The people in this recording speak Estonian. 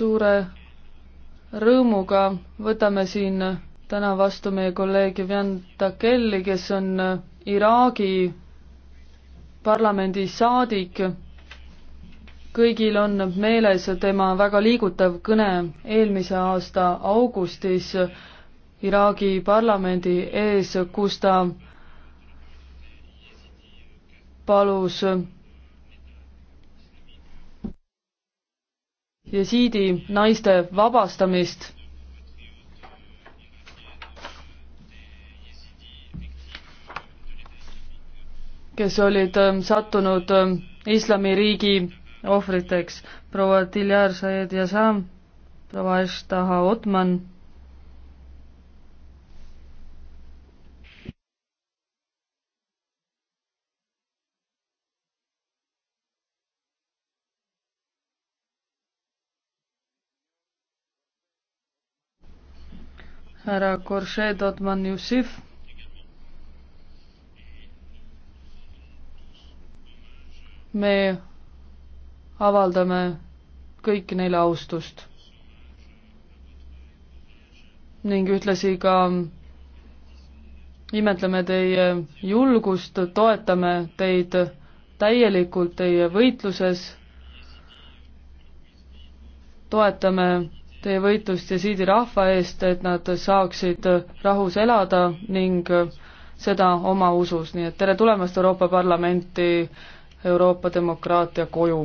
suure rõõmuga võtame siin täna vastu meie kolleegi Jan Takelli, kes on Iraagi parlamendi saadik. kõigil on meeles tema väga liigutav kõne eelmise aasta augustis Iraagi parlamendi ees, kus ta palus jesiidi naiste vabastamist. kes olid ähm, sattunud ähm, islamiriigi ohvriteks proua Diljar Sayed Yassam, proua Eshtaha Otman härra Korshe Dotman Jussif. me avaldame kõik neile austust ning ühtlasi ka imetleme teie julgust, toetame teid täielikult teie võitluses, toetame teie võitlust jesiidi rahva eest, et nad saaksid rahus elada ning seda oma usus, nii et tere tulemast Euroopa Parlamenti, Euroopa demokraatia koju!